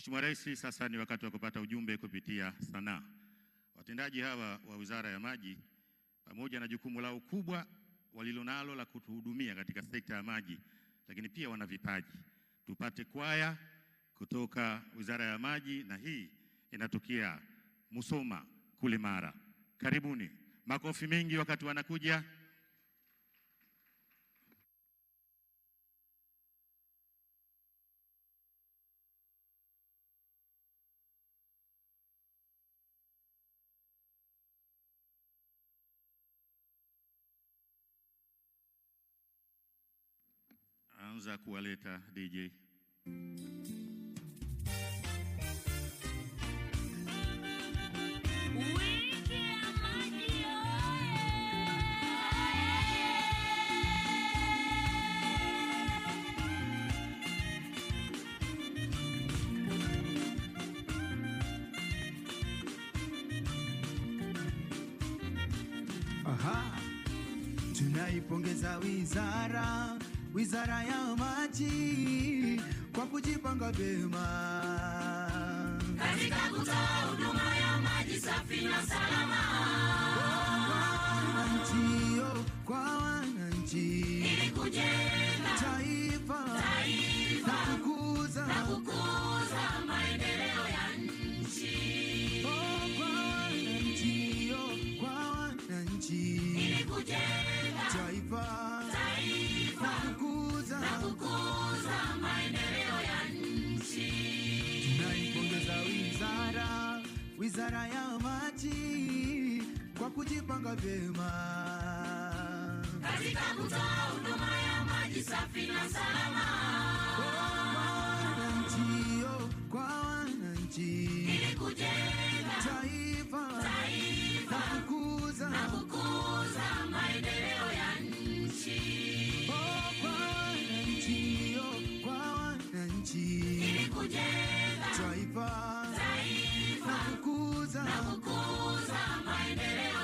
Mheshimiwa Rais, sasa ni wakati wa kupata ujumbe kupitia sanaa. Watendaji hawa wa Wizara ya Maji pamoja na jukumu lao kubwa walilonalo la kutuhudumia katika sekta ya maji, lakini pia wana vipaji. Tupate kwaya kutoka Wizara ya Maji, na hii inatokea Musoma kule Mara. Karibuni, makofi mengi wakati wanakuja. za kuwaleta DJ. Aha, tunaipongeza wizara Wizara ya Maji kwa kujipanga vyema katika kutoa huduma ya maji safi na salama kwa wananchi ili kujenga taifa, taifa na kukuza, na kukuza. Wizara ya Maji kwa kujipanga vyema katika kutoa huduma ya maji safi na salama taifa, taifa ya oh, kukuza kukuza maendeleo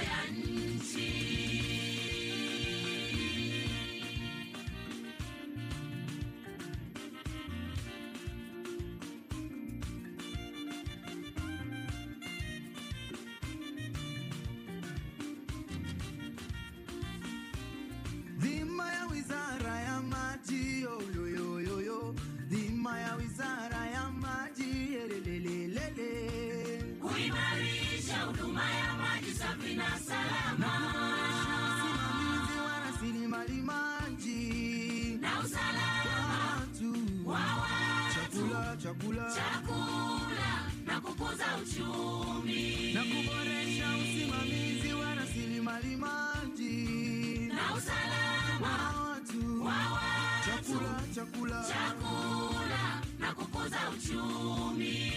uchumi na kuboresha usimamizi wa rasilimali maji na usalama wa watu, wa watu. Chakula, chakula. chakula na kukuza uchumi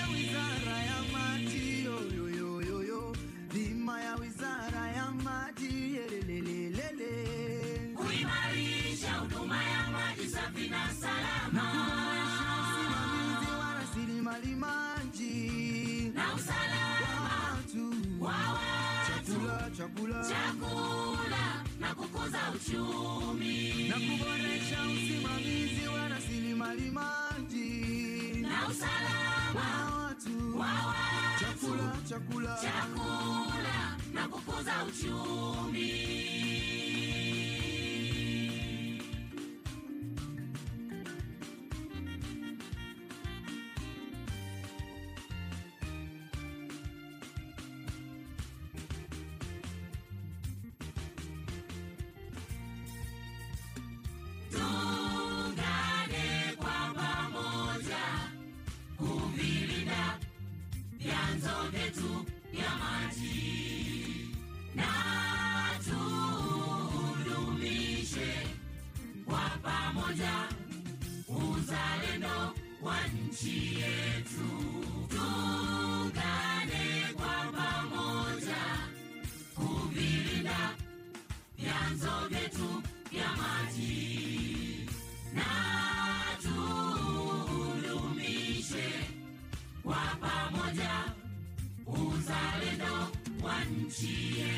ya wizara ya maji yoyoyoyo ya wizara ya maji kuimarisha huduma ya maji safi na salama kukuza uchumi na kuboresha usimamizi wa rasilimali maji na usalama wa watu, chakula, chakula, chakula na kukuza uchumi vyanzo vyetu vya maji na tudumishe kwa pamoja uzalendo wa nchi yetu. Yeah.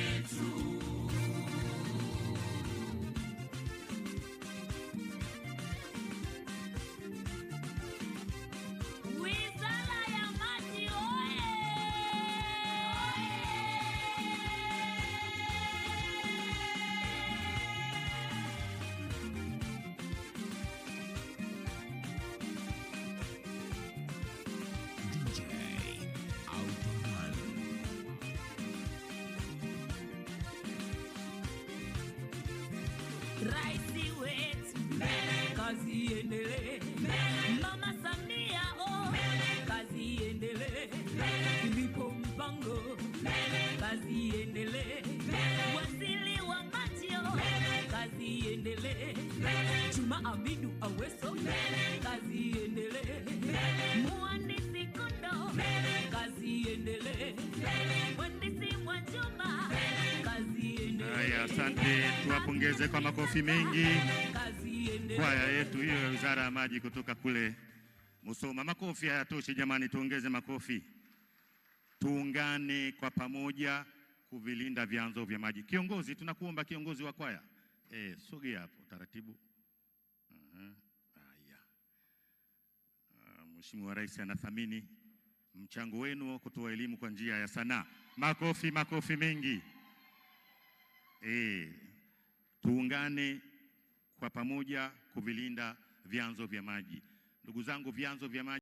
raisi wetu mbele, kazi iendelee mbele, mama Samia oh kazi iendelee ndipo mpango kazi iendelee mbele, wasili wa macho mbele, kazi iendelee mbele, Juma Aweso kazi iendelee mbele, Muhandisi kazi iendelee Asante, tuwapongeze kwa makofi mengi kwaya yetu hiyo ya Wizara ya Maji kutoka kule Musoma. Makofi hayatoshi jamani, tuongeze makofi. Tuungane kwa pamoja kuvilinda vyanzo vya maji. Kiongozi, tunakuomba kiongozi wa kwaya e, sogea hapo taratibu. Haya, ah, Mheshimiwa Rais anathamini mchango wenu kutoa elimu kwa njia ya sanaa. Makofi, makofi mengi e, tuungane kwa pamoja kuvilinda vyanzo vya maji. Ndugu zangu, vyanzo vya maji